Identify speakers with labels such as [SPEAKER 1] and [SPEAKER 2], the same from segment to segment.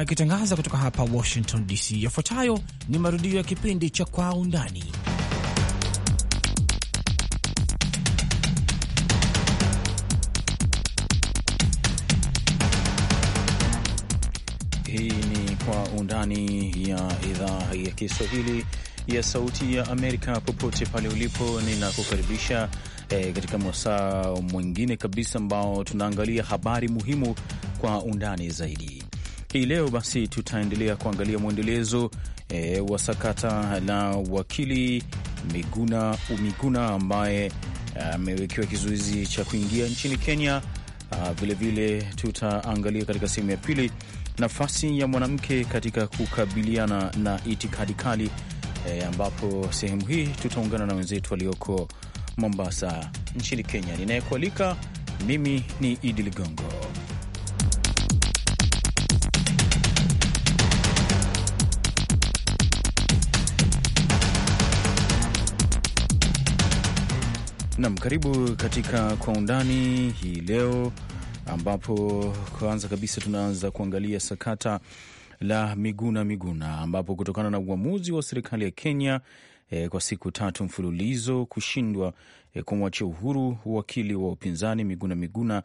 [SPEAKER 1] Akitangaza kutoka hapa Washington DC, yafuatayo ni marudio ya kipindi cha Kwa Undani. Hii ni Kwa Undani ya idhaa ya Kiswahili ya Sauti ya Amerika. Popote pale ulipo, ninakukaribisha E, katika mwasaa mwingine kabisa ambao tunaangalia habari muhimu kwa undani zaidi. Hii leo basi tutaendelea kuangalia mwendelezo e, wa sakata la wakili Miguna Umiguna ambaye eh, amewekewa kizuizi cha kuingia nchini Kenya. Vilevile ah, tutaangalia katika sehemu ya pili nafasi ya mwanamke katika kukabiliana na itikadi kali e, ambapo sehemu hii tutaungana na wenzetu walioko Mombasa nchini Kenya. Ninayekualika mimi ni Idi Ligongo. Nam, karibu katika Kwa Undani hii leo, ambapo kwanza kabisa tunaanza kuangalia sakata la Miguna Miguna, ambapo kutokana na uamuzi wa serikali ya Kenya eh, kwa siku tatu mfululizo kushindwa e, eh, kumwachia uhuru wakili wa upinzani Miguna Miguna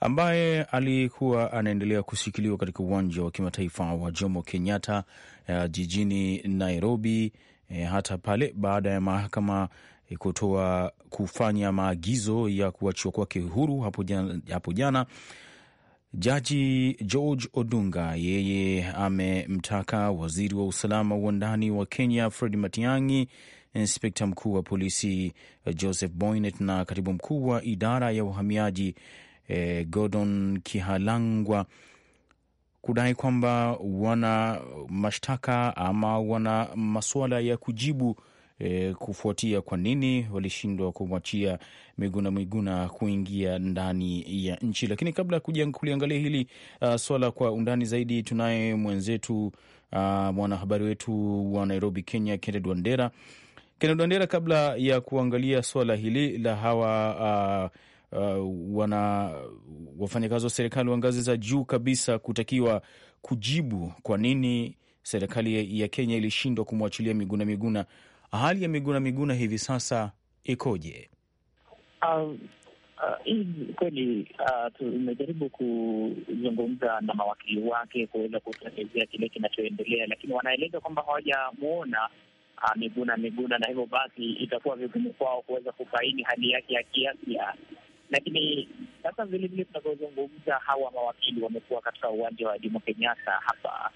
[SPEAKER 1] ambaye alikuwa anaendelea kushikiliwa katika uwanja wa kimataifa wa Jomo Kenyatta eh, jijini Nairobi. eh, hata pale baada ya mahakama kutoa kufanya maagizo ya kuachiwa kwake huru hapo jana, hapo jana. Jaji George Odunga yeye amemtaka waziri wa usalama wa ndani wa Kenya Fred Matiang'i, inspekta mkuu wa polisi eh, Joseph Boynet na katibu mkuu wa idara ya uhamiaji eh, Gordon Kihalangwa kudai kwamba wana mashtaka ama wana masuala ya kujibu e, kufuatia kwa nini walishindwa kumwachia Miguna Miguna kuingia ndani ya nchi. Lakini kabla ya kuliangalia hili uh, swala kwa undani zaidi, tunaye mwenzetu uh, mwanahabari wetu wa Nairobi, Kenya, Kennedy Wandera. Kennedy Wandera, kabla ya kuangalia swala hili la hawa uh, Uh, wana wafanyakazi wa serikali wa ngazi za juu kabisa kutakiwa kujibu kwa nini serikali ya Kenya ilishindwa kumwachilia Miguna Miguna hali ya Miguna Miguna hivi sasa ikoje?
[SPEAKER 2] Um, uh, hii uh, kweli uh, tumejaribu kuzungumza na mawakili wake kuweza kutuelezea kile kinachoendelea, lakini wanaeleza kwamba hawajamuona uh, Miguna Miguna na hivyo basi itakuwa vigumu kwao kuweza kubaini hali yake ya kiafya lakini sasa vilevile tunavyozungumza hawa mawakili wamekuwa katika uwanja wa Jomo Kenyatta hapa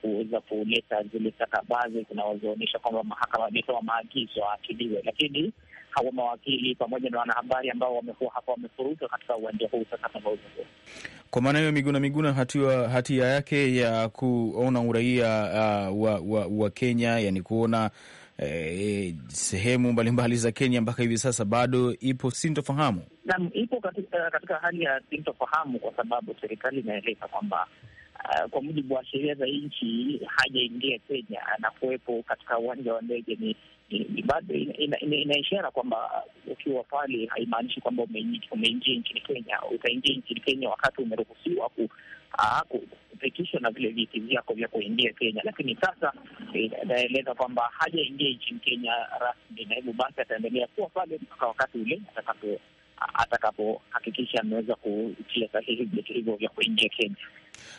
[SPEAKER 2] kuweza kuleta zile stakabadhi zinazoonyesha kwamba mahakama ametoa maagizo aakiliwe, lakini hawa mawakili pamoja na wanahabari ambao wamekuwa hapa wamefurushwa katika uwanja huu sasa.
[SPEAKER 1] Kwa maana hiyo, Miguna Miguna hatua hatia yake ya kuona uraia uh, wa, wa, wa Kenya, yani kuona eh, sehemu mbalimbali za Kenya mpaka hivi sasa bado ipo sintofahamu.
[SPEAKER 2] Naam, ipo katika, eh, katika hali ya sintofahamu kwa sababu serikali inaeleza kwamba Eh, kwa mujibu wa sheria za nchi hajaingia Kenya na kuwepo katika uwanja wa ndege ni bado ina, ina, ina ishara kwamba ukiwa pale haimaanishi kwamba umeingia nchini Kenya. Utaingia nchini Kenya wakati umeruhusiwa ah, kupitishwa na vile viti vyako vya kuingia Kenya, lakini sasa eh, inaeleza kwamba hajaingia nchini Kenya rasmi, na hivyo basi ataendelea kuwa pale mpaka wakati ule atakapo atakapohakikisha ameweza kutia sahihi vyeti hivyo vya kuingia Kenya.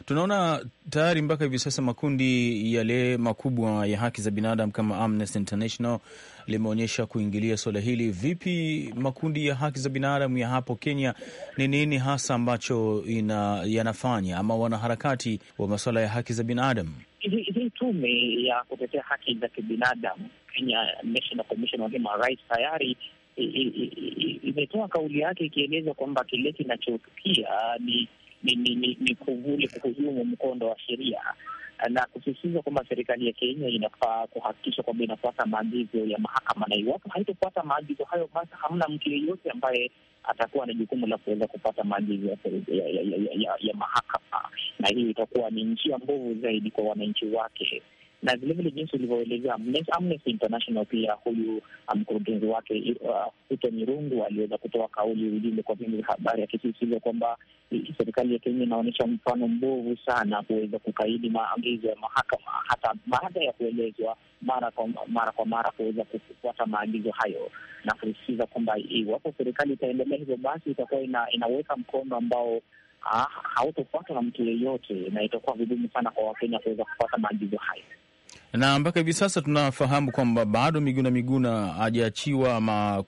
[SPEAKER 1] Tunaona tayari mpaka hivi sasa makundi yale makubwa ya haki za binadamu kama Amnesty International limeonyesha kuingilia suala hili. Vipi makundi ya haki za binadamu ya hapo Kenya, ni nini hasa ambacho ina, yanafanya ama wanaharakati wa masuala ya haki za binadamu?
[SPEAKER 2] Hii tume ya kutetea haki za kibinadamu Kenya National Commission on Human Rights tayari imetoa kauli yake ikieleza kwamba kile kinachotukia ni ni ni ni kuvuli kuhujumu mkondo wa sheria na kusisitiza kwamba serikali ya Kenya inafaa kuhakikisha kwamba inafuata maagizo ya mahakama, na iwapo haitofuata maagizo hayo, basi hamna mtu yeyote ambaye atakuwa na jukumu la kuweza kupata maagizo ya, ya, ya, ya, ya mahakama, na hiyo itakuwa ni njia mbovu zaidi kwa wananchi wake na vilevile jinsi ulivyoelezea Amnesty International, pia huyu um, mkurugenzi wake uh, Mirungu aliweza kutoa kauli, ujumbe kwa vyombo vya habari, akisisitiza kwamba serikali ya Kenya inaonyesha mfano mbovu sana kuweza kukaidi maagizo ya mahakama hata baada ya kuelezwa mara kwa mara kwa mara kuweza kufuata maagizo hayo, na kusisitiza kwamba iwapo serikali itaendelea hivyo, basi itakuwa ina, inaweka mkondo ambao ah, hautofuatwa na mtu yeyote na itakuwa vigumu sana kwa Wakenya kuweza kufuata maagizo hayo
[SPEAKER 1] na mpaka hivi sasa tunafahamu kwamba bado Miguna Miguna hajaachiwa ama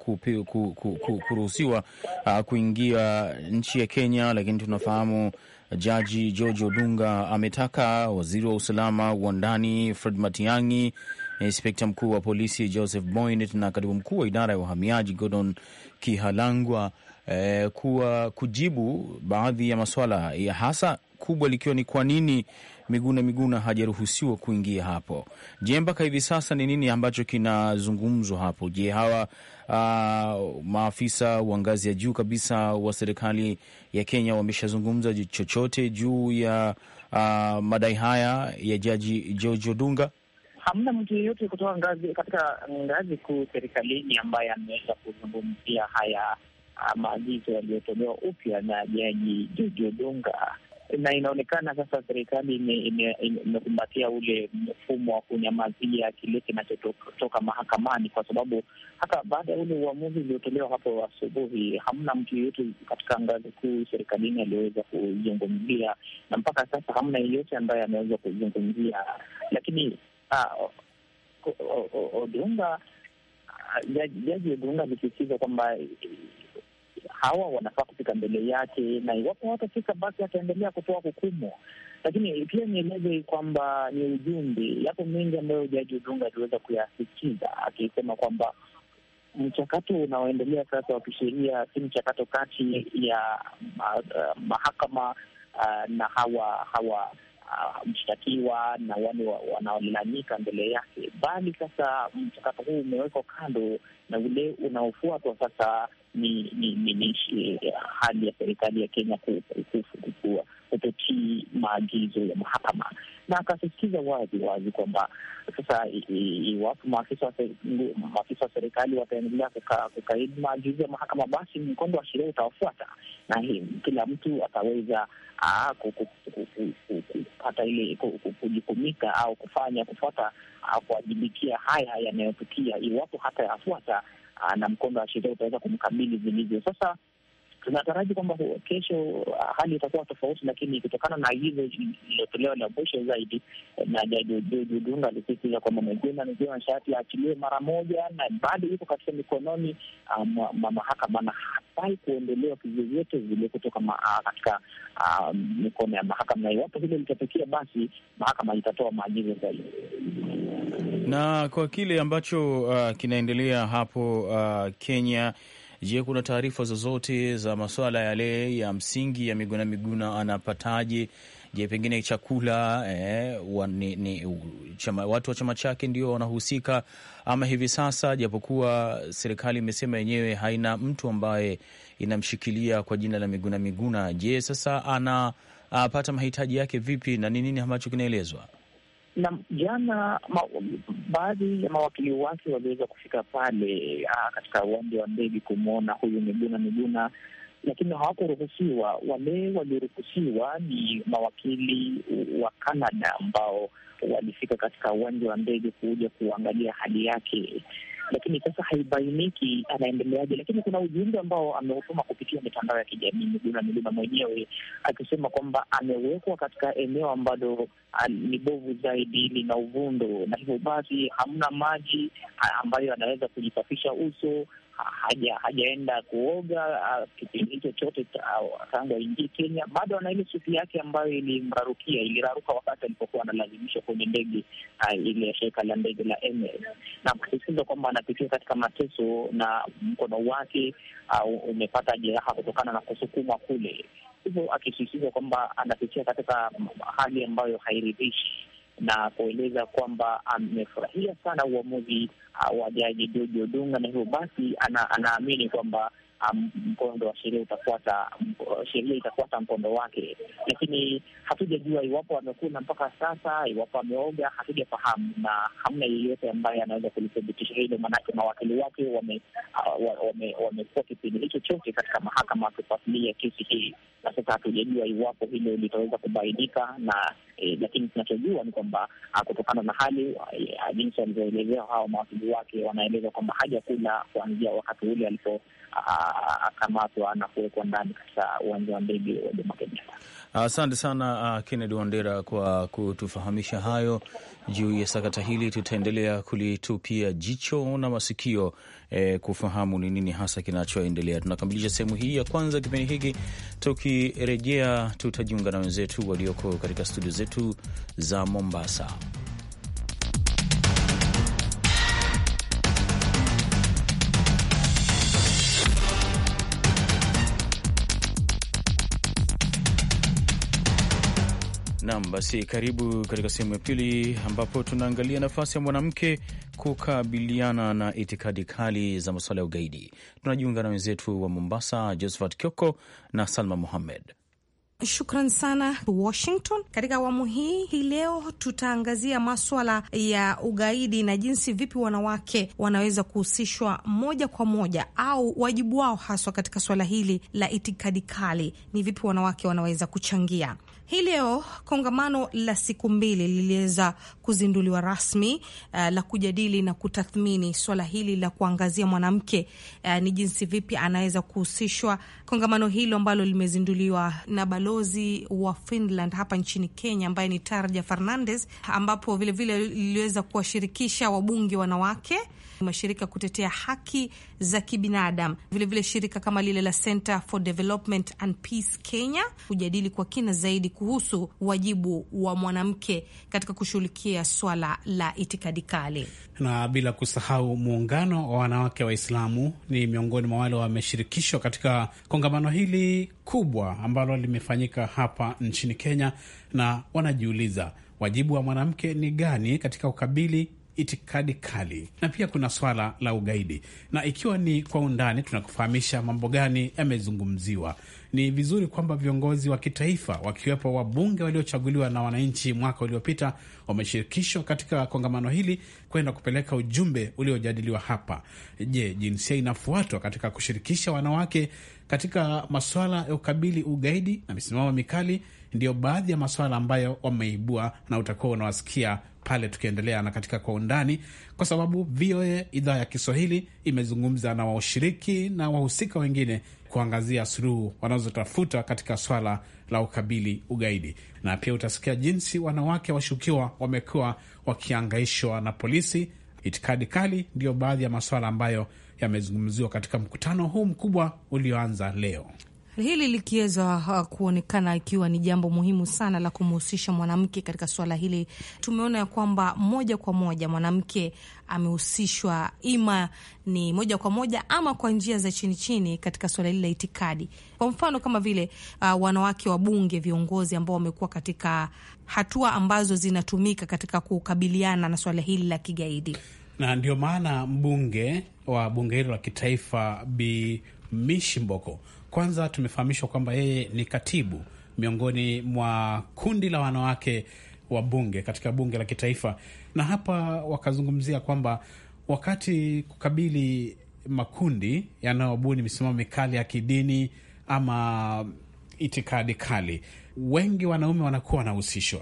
[SPEAKER 1] kuruhusiwa uh, kuingia nchi ya Kenya, lakini tunafahamu Jaji George Odunga ametaka waziri wa usalama wa ndani Fred Matiang'i, eh, inspekta mkuu wa polisi Joseph Boynet na katibu mkuu wa idara ya uhamiaji Gordon Kihalangwa eh, kuwa kujibu baadhi ya maswala ya hasa kubwa likiwa ni kwa nini Miguna Miguna hajaruhusiwa kuingia hapo. Je, mpaka hivi sasa ni nini ambacho kinazungumzwa hapo? Je, hawa uh, maafisa wa ngazi ya juu kabisa wa serikali ya Kenya wameshazungumza chochote juu ya uh, madai haya ya jaji George Odunga?
[SPEAKER 2] Hamna mtu yeyote kutoka ngazi katika ngazi kuu serikalini ambaye ameweza kuzungumzia haya ah, maagizo yaliyotolewa upya na jaji George Odunga na inaonekana sasa serikali imekumbatia ule mfumo wa kunyamazia kile kinachotoka mahakamani, kwa sababu hata baada ya ule uamuzi uliotolewa hapo asubuhi, hamna mtu yeyote katika ngazi kuu serikalini aliyoweza kuzungumzia, na mpaka sasa hamna yeyote ambaye ameweza kuzungumzia. Lakini ah, Odunga, ah, jaji Odunga alisisitiza kwamba hawa wanafaa kufika mbele yake, na iwapo watafika, basi ataendelea kutoa hukumu. Lakini pia nieleze kwamba ni ujumbe, yapo mengi ambayo Jaji udunga aliweza kuyasikiza, akisema kwamba mchakato unaoendelea sasa wa kisheria si mchakato kati ya ma, uh, mahakama uh, na hawa hawa Uh, mshtakiwa na wale wanaolalamika mbele yake, bali sasa mchakato huu umewekwa kando na ule unaofuatwa sasa ni ni, ni, ni eh, hali ya serikali ya Kenya kutotii maagizo ya mahakama, na akasisitiza wazi wazi kwamba sasa iwapo maafisa wa serikali wataendelea kukaidi maagizo ya mahakama, basi mkondo wa sheria utawafuata na kila mtu ataweza kupata ile kujukumika au kufanya kufuata kuwajibikia haya yanayotukia iwapo hata yafuata Ah, na mkondo wa sheria utaweza kumkabili vilivyo. Sasa tunataraji kwamba kesho uh, hali itakuwa tofauti, lakini kutokana na agizo iliyotolewa la mwisho zaidi eh, na Jaji George alisisitiza kwamba Miguna amepewa sharti aachiliwe mara moja, na bado yuko katika mikononi uh, mwa mahakama na hafai kuondolewa kivyovyote vile kutoka uh, katika mikono ya mahakama, na iwapo hilo litatokea, basi mahakama itatoa maagizo zaidi.
[SPEAKER 1] Na kwa kile ambacho uh, kinaendelea hapo uh, Kenya Je, kuna taarifa zozote za masuala yale ya msingi ya Miguna Miguna anapataje? Je, pengine chakula eh, wa, ni, ni, chama, watu wa chama chake ndio wanahusika ama hivi sasa? Japokuwa serikali imesema yenyewe haina mtu ambaye inamshikilia kwa jina la Miguna Miguna. Je, sasa anapata mahitaji yake vipi na ni nini ambacho kinaelezwa?
[SPEAKER 2] na jana ma, baadhi ya mawakili wake waliweza kufika pale aa, ah, katika uwanja wa ndege kumwona huyu Miguna Miguna, lakini hawakuruhusiwa. Wale walioruhusiwa ni mawakili wa Kanada ambao walifika katika uwanja wa ndege kuja kuangalia hali yake lakini sasa haibainiki anaendeleaje. Lakini kuna ujumbe ambao ameutuma kupitia mitandao ya kijamii Miguna Milima mwenyewe akisema kwamba amewekwa katika eneo ambalo ni bovu zaidi, lina uvundo, na hivyo basi hamna maji ambayo anaweza kujisafisha uso haja hajaenda kuoga kipindi hicho chote tangu aingie Kenya, bado ana ile suti yake ambayo ilimrarukia, iliraruka wakati alipokuwa analazimishwa kwenye ndege ile ya shirika la ndege la Emirates, na kusisitiza kwamba anapitia katika mateso na mkono wake umepata jeraha kutokana na kusukumwa kule, hivyo akisisitiza kwamba anapitia katika hali ambayo hairidhishi na kueleza kwamba amefurahia sana uamuzi uh, wa jaji George Odunga, na hivyo basi ana, anaamini kwamba um, mkondo wa sheria utafuata sheria itafuata mkondo wake, lakini hatujajua iwapo amekuna mpaka sasa, iwapo ameoga, hatujafahamu na hamna yeyote ambaye anaweza kulithibitisha hilo, maanake mawakili wake uh, wamekuwa uh, wame, wame kipindi hicho chote katika mahakama wakifuatilia kesi hii, na sasa hatujajua iwapo hilo litaweza kubainika na e, lakini tunachojua ni kwamba ah, kutokana na hali ah, jinsi walivyoelezea hawa mawakili wake, wanaeleza kwamba hajakula kuanzia wakati ule alipokamatwa ah, na kuwekwa ndani katika uwanja wa ndege wa Jomo Kenyatta.
[SPEAKER 1] Asante sana uh, Kennedy Wandera kwa kutufahamisha hayo juu ya sakata hili. Tutaendelea kulitupia jicho na masikio eh, kufahamu ni nini hasa kinachoendelea. Tunakamilisha sehemu hii ya kwanza kipindi hiki. Tukirejea tutajiunga na wenzetu walioko katika studio zetu za Mombasa. Nam, basi karibu katika sehemu ya pili ambapo tunaangalia nafasi ya mwanamke kukabiliana na itikadi kali za masuala ya ugaidi. Tunajiunga na wenzetu wa Mombasa, Josephat Kioko na Salma muhammed
[SPEAKER 3] Shukran sana Washington. Katika awamu hii hii leo tutaangazia maswala ya ugaidi na jinsi vipi wanawake wanaweza kuhusishwa moja kwa moja au wajibu wao haswa katika swala hili la itikadi kali. Ni vipi wanawake wanaweza kuchangia? Hii leo kongamano la siku mbili liliweza kuzinduliwa rasmi uh, la kujadili na kutathmini swala hili la kuangazia mwanamke uh, ni jinsi vipi anaweza kuhusishwa. Kongamano hilo ambalo limezinduliwa na balozi wa Finland hapa nchini Kenya ambaye ni Tarja Fernandes, ambapo vilevile liliweza kuwashirikisha wabunge wanawake mashirika kutetea haki za kibinadamu, vilevile shirika kama lile la Center for Development and Peace Kenya kujadili kwa kina zaidi kuhusu wajibu wa mwanamke katika kushughulikia swala la itikadi kali,
[SPEAKER 4] na bila kusahau muungano wa wanawake Waislamu ni miongoni mwa wale wameshirikishwa katika kongamano hili kubwa ambalo limefanyika hapa nchini Kenya, na wanajiuliza wajibu wa mwanamke ni gani katika ukabili itikadi kali na pia kuna swala la ugaidi. Na ikiwa ni kwa undani, tunakufahamisha mambo gani yamezungumziwa ni vizuri kwamba viongozi wa kitaifa wakiwepo wabunge waliochaguliwa na wananchi mwaka uliopita wameshirikishwa katika kongamano hili kwenda kupeleka ujumbe uliojadiliwa hapa. Je, jinsia inafuatwa katika kushirikisha wanawake katika masuala ya ukabili, ugaidi na misimamo mikali? Ndiyo baadhi ya masuala ambayo wameibua na utakuwa unawasikia pale tukiendelea na katika kwa undani, kwa sababu VOA idhaa ya Kiswahili imezungumza na washiriki na wahusika wengine kuangazia suluhu wanazotafuta katika swala la ukabili ugaidi, na pia utasikia jinsi wanawake washukiwa wamekuwa wakiangaishwa na polisi. Itikadi kali ndiyo baadhi ya maswala ambayo yamezungumziwa katika mkutano huu mkubwa ulioanza leo
[SPEAKER 5] hili
[SPEAKER 3] likiweza kuonekana ikiwa ni jambo muhimu sana la kumhusisha mwanamke katika suala hili, tumeona ya kwamba moja kwa moja mwanamke amehusishwa ima ni moja kwa moja ama kwa njia za chini chini katika suala hili la itikadi. Kwa mfano kama vile uh, wanawake wa bunge, viongozi ambao wamekuwa katika hatua ambazo zinatumika katika kukabiliana na suala hili la kigaidi,
[SPEAKER 4] na ndio maana mbunge wa bunge hilo la kitaifa Bi Mishi Mboko kwanza tumefahamishwa kwamba yeye ni katibu miongoni mwa kundi la wanawake wa bunge katika bunge la kitaifa, na hapa wakazungumzia kwamba wakati kukabili makundi yanayobuni misimamo mikali ya kidini ama itikadi kali, wengi wanaume wanakuwa wanahusishwa.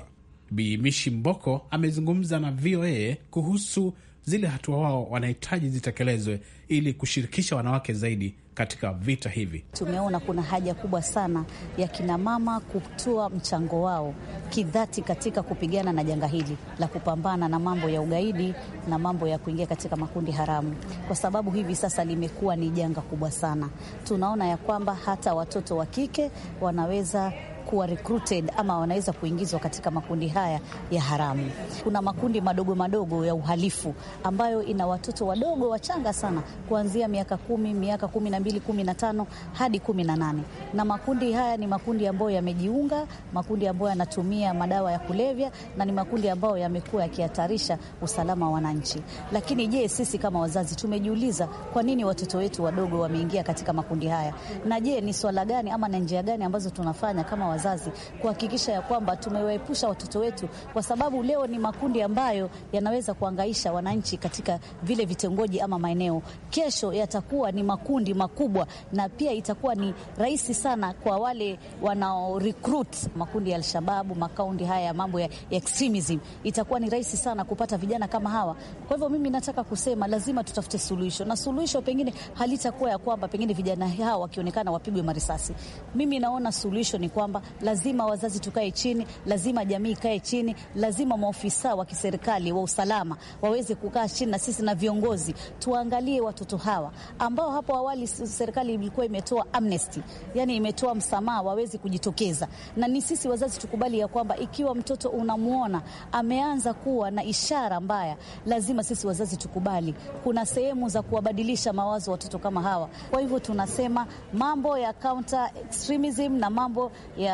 [SPEAKER 4] Bi Mishi Mboko amezungumza na VOA kuhusu zile hatua wao wanahitaji zitekelezwe ili kushirikisha wanawake zaidi katika vita hivi.
[SPEAKER 6] Tumeona kuna haja kubwa sana ya kinamama kutoa mchango wao kidhati katika kupigana na janga hili la kupambana na mambo ya ugaidi na mambo ya kuingia katika makundi haramu, kwa sababu hivi sasa limekuwa ni janga kubwa sana. Tunaona ya kwamba hata watoto wa kike wanaweza kuwa recruited ama wanaweza kuingizwa katika makundi haya ya haramu. Kuna makundi madogo madogo ya uhalifu ambayo ina watoto wadogo wachanga sana kuanzia miaka kumi, miaka kumi na mbili, kumi na tano hadi kumi na nane. Na makundi haya ni makundi ambayo yamejiunga, makundi ambayo yanatumia madawa ya kulevya na ni makundi ambayo yamekuwa yakihatarisha usalama wa wananchi. Lakini je, sisi kama wazazi tumejiuliza kwa nini watoto wetu wadogo wameingia katika makundi haya? Na je, ni swala gani ama na njia gani ambazo tunafanya kama wazazi kuhakikisha ya kwamba tumewaepusha watoto wetu, kwa sababu leo ni makundi ambayo yanaweza kuangaisha wananchi katika vile vitongoji ama maeneo. Kesho yatakuwa ni makundi makubwa, na pia itakuwa ni rahisi sana kwa wale wanao recruit makundi ya Alshababu, makaundi haya ya mambo ya extremism, itakuwa ni rahisi sana kupata vijana kama hawa. Kwa hivyo mimi nataka kusema lazima tutafute suluhisho, na suluhisho pengine halitakuwa ya kwamba pengine vijana hawa wakionekana wapigwe marisasi. Mimi naona suluhisho ni kwamba lazima wazazi tukae chini, lazima jamii ikae chini, lazima maofisa wa kiserikali wa usalama waweze kukaa chini na sisi na viongozi tuangalie watoto hawa ambao hapo awali serikali ilikuwa imetoa amnesty, yani imetoa msamaha, waweze kujitokeza. Na ni sisi wazazi tukubali ya kwamba ikiwa mtoto unamwona ameanza kuwa na ishara mbaya, lazima sisi wazazi tukubali kuna sehemu za kuwabadilisha mawazo watoto kama hawa. Kwa hivyo tunasema mambo ya counter extremism na mambo ya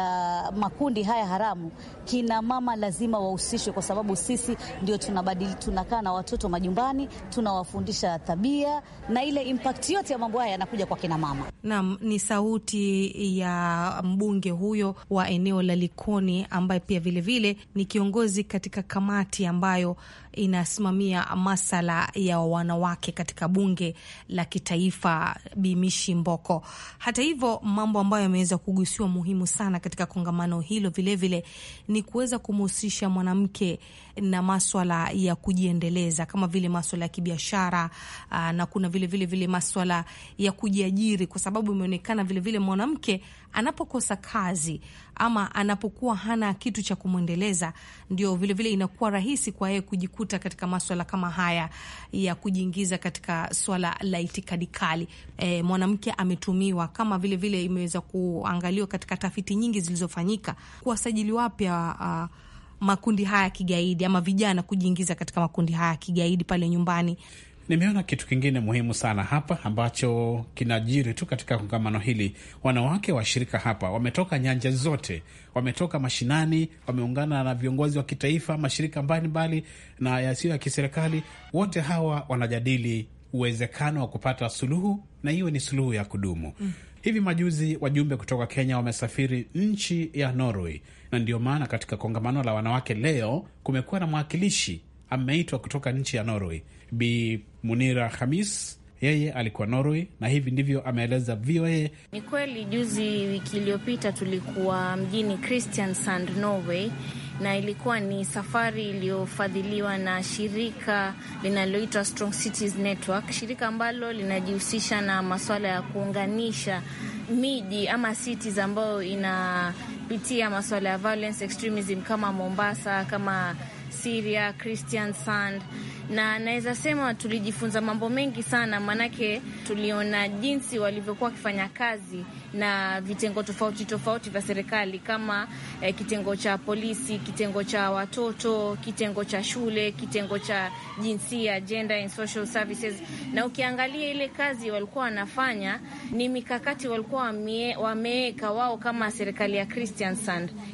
[SPEAKER 6] makundi haya haramu kina mama lazima wahusishwe, kwa sababu sisi ndio tunabadili, tunakaa na watoto majumbani, tunawafundisha tabia na ile impact yote ya mambo haya yanakuja kwa kina mama.
[SPEAKER 3] Naam, ni sauti ya mbunge huyo wa eneo la Likoni ambaye pia vilevile vile ni kiongozi katika kamati ambayo inasimamia masala ya wanawake katika bunge la kitaifa, Bimishi Mboko. Hata hivyo, mambo ambayo yameweza kugusiwa muhimu sana katika kongamano hilo vilevile vile, ni ni kuweza kumhusisha mwanamke na maswala ya kujiendeleza kama vile maswala ya kibiashara na kuna vile vile vile maswala ya kujiajiri, kwa sababu imeonekana vile vile mwanamke anapokosa kazi ama anapokuwa hana kitu cha kumwendeleza, ndio vilevile inakuwa rahisi kwa yeye kujikuta katika maswala kama haya ya kujiingiza katika swala la itikadi kali. E, mwanamke ametumiwa kama vilevile, imeweza kuangaliwa katika tafiti nyingi zilizofanyika kuwasajili wapya uh, makundi haya ya kigaidi ama vijana kujiingiza katika makundi haya ya kigaidi pale nyumbani.
[SPEAKER 4] Nimeona kitu kingine muhimu sana hapa ambacho kinajiri tu katika kongamano hili. Wanawake washirika hapa wametoka nyanja zote, wametoka mashinani, wameungana na viongozi wa kitaifa, mashirika mbalimbali na yasiyo ya kiserikali. Wote hawa wanajadili uwezekano wa kupata suluhu na hiyo ni suluhu ya kudumu mm. Hivi majuzi wajumbe kutoka Kenya wamesafiri nchi ya Norway, na ndio maana katika kongamano la wanawake leo kumekuwa na mwakilishi ameitwa kutoka nchi ya Norway. Bi Munira Hamis yeye alikuwa Norway na hivi ndivyo ameeleza VOA.
[SPEAKER 7] Ni kweli juzi, wiki iliyopita tulikuwa mjini Kristiansand, Norway, na ilikuwa ni safari iliyofadhiliwa na shirika linaloitwa Strong Cities Network, shirika ambalo linajihusisha na masuala ya kuunganisha miji ama cities ambayo inapitia masuala ya violence extremism, kama Mombasa, kama Syria, Christian Sand, na naweza sema tulijifunza mambo mengi sana, maanake tuliona jinsi walivyokuwa wakifanya kazi na vitengo tofauti tofauti vya serikali kama eh, kitengo cha polisi, kitengo cha watoto, kitengo cha shule, kitengo cha jinsia, gender and social services. Na ukiangalia ile kazi walikuwa wanafanya, ni mikakati walikuwa wameweka wao kama serikali ya Christian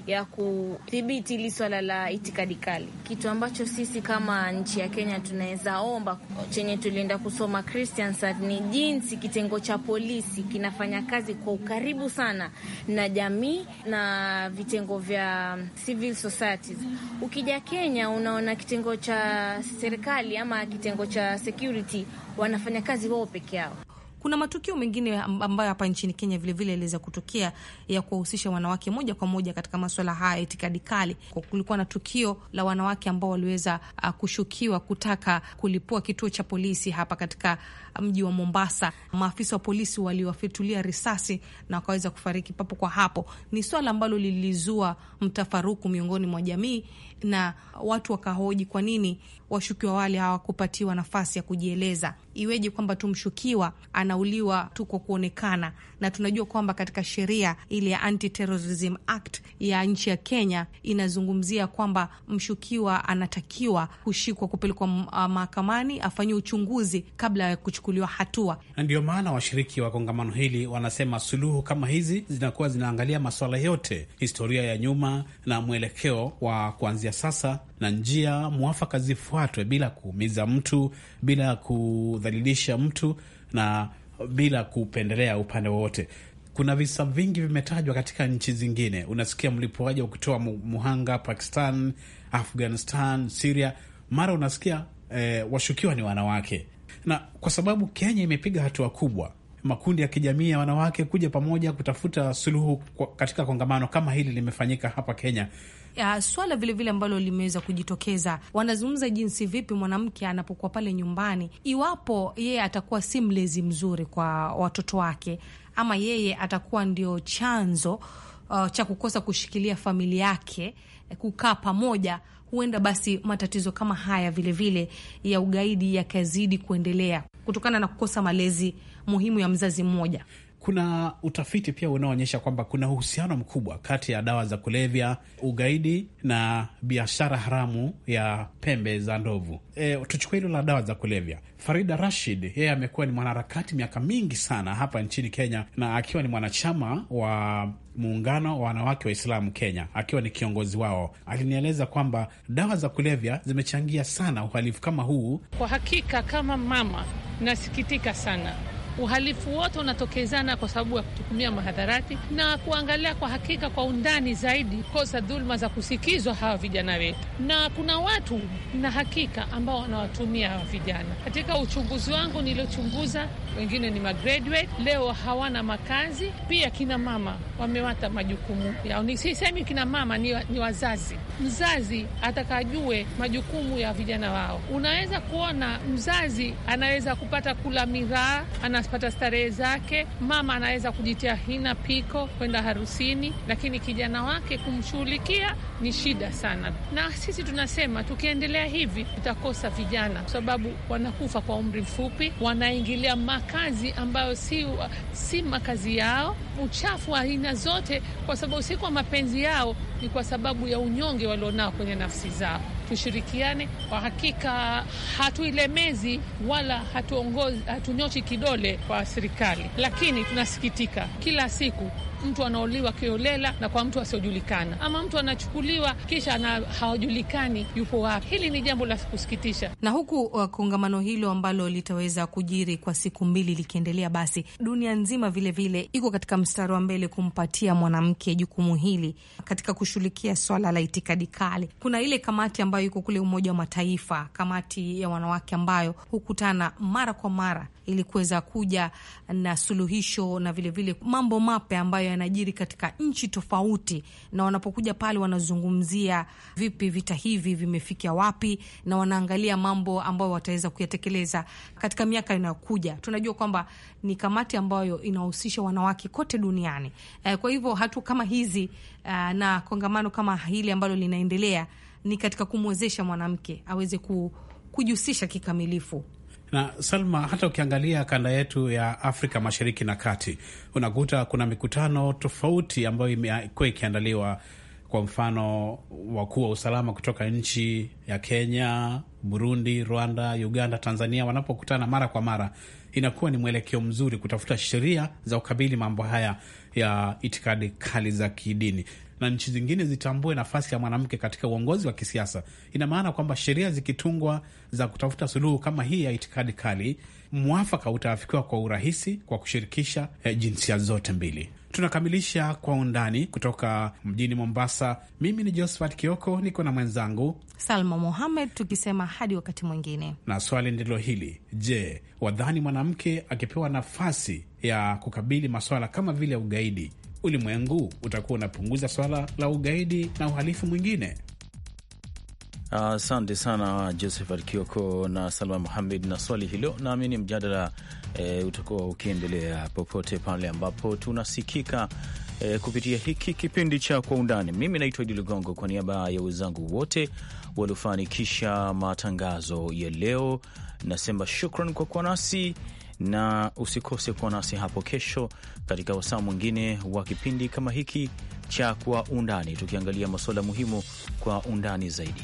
[SPEAKER 7] ya kudhibiti hili swala la itikadi kali, kitu ambacho sisi kama nchi ya Kenya tunaweza omba chenye tulienda kusoma Christian ni jinsi kitengo cha polisi kinafanya kazi kwa ukaribu sana na jamii na vitengo vya civil societies. Ukija Kenya, unaona kitengo cha serikali ama kitengo cha security wanafanya kazi wao
[SPEAKER 3] peke yao. Kuna matukio mengine ambayo hapa nchini Kenya vilevile yaliweza kutokea ya kuwahusisha wanawake moja kwa moja katika maswala haya itikadi kali. Kulikuwa na tukio la wanawake ambao waliweza uh, kushukiwa kutaka kulipua kituo cha polisi hapa katika ah, mji wa Mombasa. Maafisa wa polisi waliwafitulia risasi na wakaweza kufariki papo kwa hapo. Ni swala ambalo lilizua mtafaruku miongoni mwa jamii na watu wakahoji kwa nini washukiwa wale hawakupatiwa nafasi ya kujieleza. Iweje kwamba tu mshukiwa anauliwa tu kwa kuonekana? Na tunajua kwamba katika sheria ile ya Anti-Terrorism Act ya nchi ya Kenya inazungumzia kwamba mshukiwa anatakiwa kushikwa, kupelekwa mahakamani, afanyiwe uchunguzi kabla ya kuchukuliwa hatua.
[SPEAKER 4] na Ndio maana washiriki wa kongamano hili wanasema suluhu kama hizi zinakuwa zinaangalia masuala yote, historia ya nyuma na mwelekeo wa kuanzia sasa na njia mwafaka zifuatwe bila kuumiza mtu, bila kudhalilisha mtu na bila kupendelea upande wowote. Kuna visa vingi vimetajwa katika nchi zingine, unasikia mlipuaji wa kutoa muhanga Pakistan, Afghanistan, Siria, mara unasikia eh, washukiwa ni wanawake, na kwa sababu Kenya imepiga hatua kubwa makundi ya kijamii ya wanawake kuja pamoja kutafuta suluhu katika kongamano kama hili limefanyika hapa Kenya,
[SPEAKER 3] uh, swala vilevile ambalo limeweza kujitokeza, wanazungumza jinsi vipi mwanamke anapokuwa pale nyumbani, iwapo yeye atakuwa si mlezi mzuri kwa watoto wake ama yeye atakuwa ndio chanzo uh, cha kukosa kushikilia familia yake kukaa pamoja huenda basi matatizo kama haya vilevile vile ya ugaidi yakazidi kuendelea kutokana na kukosa malezi muhimu ya mzazi mmoja. Kuna
[SPEAKER 4] utafiti pia unaoonyesha kwamba kuna uhusiano mkubwa kati ya dawa za kulevya, ugaidi na biashara haramu ya pembe za ndovu. E, tuchukue hilo la dawa za kulevya. Farida Rashid yeye amekuwa ni mwanaharakati miaka mingi sana hapa nchini Kenya, na akiwa ni mwanachama wa muungano wa wanawake Waislamu Kenya, akiwa ni kiongozi wao, alinieleza kwamba dawa za kulevya zimechangia sana uhalifu kama huu.
[SPEAKER 5] Kwa hakika, kama mama nasikitika sana uhalifu wote unatokezana kwa sababu ya kutukumia mahadharati na kuangalia kwa hakika kwa undani zaidi kosa dhuluma za kusikizwa hawa vijana wetu, na kuna watu na hakika ambao wanawatumia hawa vijana. Katika uchunguzi wangu niliochunguza, wengine ni magraduate leo hawana makazi, pia kina mama wamewata majukumu yao. nisisemi kina mama ni, ni wazazi. Mzazi atakajue majukumu ya vijana wao. Unaweza kuona mzazi anaweza kupata kula miraa ana anapata starehe zake, mama anaweza kujitia hina piko kwenda harusini, lakini kijana wake kumshughulikia ni shida sana. Na sisi tunasema tukiendelea hivi tutakosa vijana, kwa sababu wanakufa kwa umri mfupi, wanaingilia makazi ambayo si, si makazi yao, uchafu wa aina zote, kwa sababu si kwa mapenzi yao, ni kwa sababu ya unyonge walionao kwenye nafsi zao tushirikiane kwa hakika. Hatuilemezi wala hatuongozi, hatunyoshi kidole kwa serikali, lakini tunasikitika kila siku mtu anaoliwa kiolela na kwa mtu asiojulikana, ama mtu anachukuliwa kisha na hawajulikani yupo wapi. Hili ni jambo la kusikitisha.
[SPEAKER 3] Na huku uh, kongamano hilo ambalo litaweza kujiri kwa siku mbili likiendelea, basi dunia nzima vilevile vile iko katika mstari wa mbele kumpatia mwanamke jukumu hili katika kushughulikia swala la itikadi kali. Kuna ile kamati ambayo ambayo iko kule Umoja wa Mataifa, kamati ya wanawake ambayo hukutana mara kwa mara ili kuweza kuja na suluhisho na vilevile vile mambo mapya ambayo yanajiri katika nchi tofauti, na wanapokuja pale wanazungumzia vipi vita hivi vimefikia wapi, na wanaangalia mambo ambayo wataweza kuyatekeleza katika miaka inayokuja. Tunajua kwamba ni kamati ambayo inahusisha wanawake kote duniani. Eh, kwa hivyo hatua kama hizi eh, na kongamano kama hili ambalo linaendelea ni katika kumwezesha mwanamke aweze kujihusisha kikamilifu.
[SPEAKER 4] Na Salma, hata ukiangalia kanda yetu ya Afrika Mashariki na Kati, unakuta kuna mikutano tofauti ambayo imekuwa ikiandaliwa kwa mfano wakuu wa usalama kutoka nchi ya Kenya, Burundi, Rwanda, Uganda, Tanzania wanapokutana mara kwa mara, inakuwa ni mwelekeo mzuri kutafuta sheria za kukabili mambo haya ya itikadi kali za kidini na nchi zingine zitambue nafasi ya mwanamke katika uongozi wa kisiasa. Ina maana kwamba sheria zikitungwa za kutafuta suluhu kama hii ya itikadi kali, mwafaka utaafikiwa kwa urahisi kwa kushirikisha eh, jinsia zote mbili. Tunakamilisha kwa undani kutoka mjini Mombasa. Mimi ni Josephat Kioko, niko na mwenzangu
[SPEAKER 3] Salma Mohamed, tukisema hadi wakati mwingine.
[SPEAKER 4] Na swali ndilo hili: je, wadhani mwanamke akipewa nafasi ya kukabili maswala kama vile ugaidi ulimwengu utakuwa unapunguza swala la ugaidi na uhalifu mwingine.
[SPEAKER 1] Asante uh, sana Josephat Kioko na Salma Muhamed na swali hilo. Naamini mjadala e, utakuwa ukiendelea popote pale ambapo tunasikika e, kupitia hiki kipindi cha Kwa Undani. Mimi naitwa Idi Ligongo, kwa niaba ya wenzangu wote waliofanikisha matangazo ya leo, nasema shukran kwa kuwa nasi na usikose kuwa nasi hapo kesho katika wasaa mwingine wa kipindi kama hiki cha Kwa Undani, tukiangalia masuala muhimu kwa undani zaidi.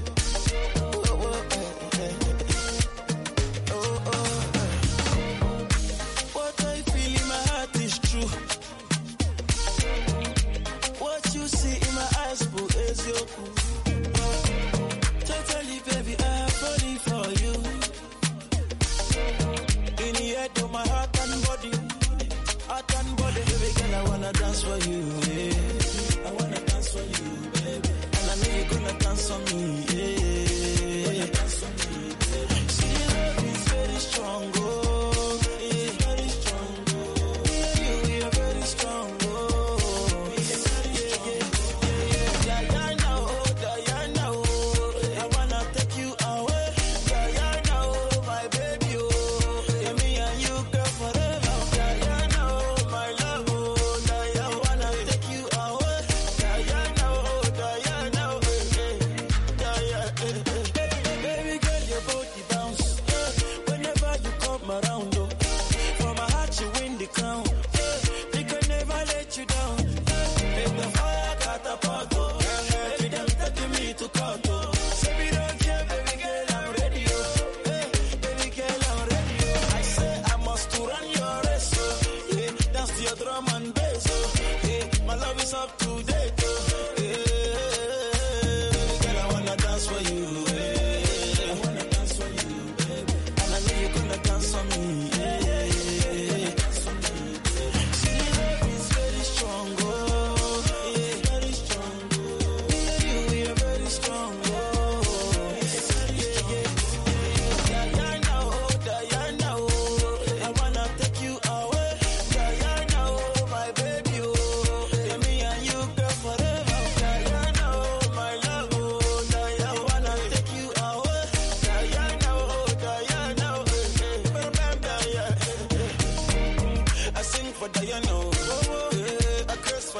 [SPEAKER 8] Totally, baby, I am believe. lọ́tọ̀.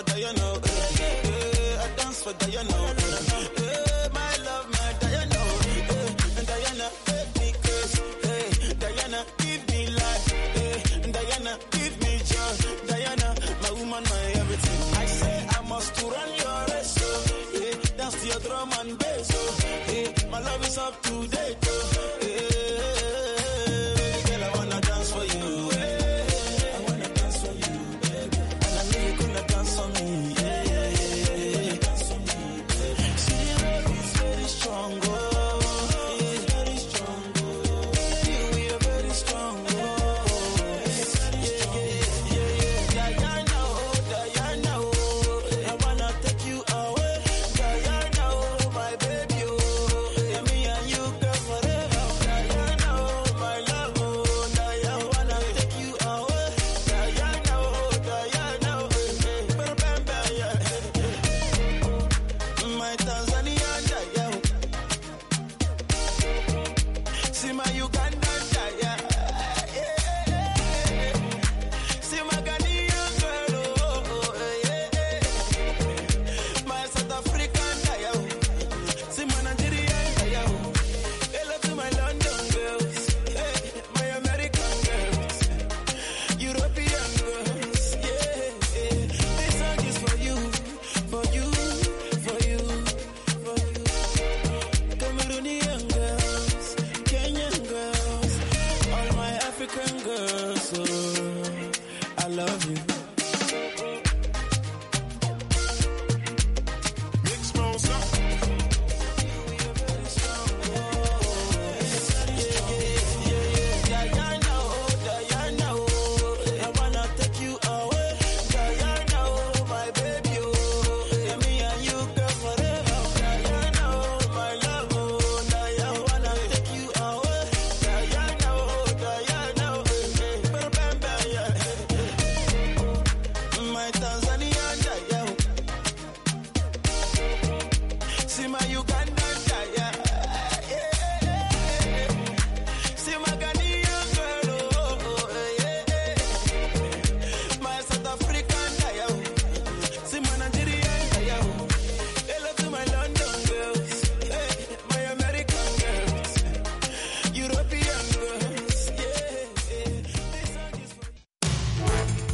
[SPEAKER 8] for Diana. Yeah, I dance for Diana.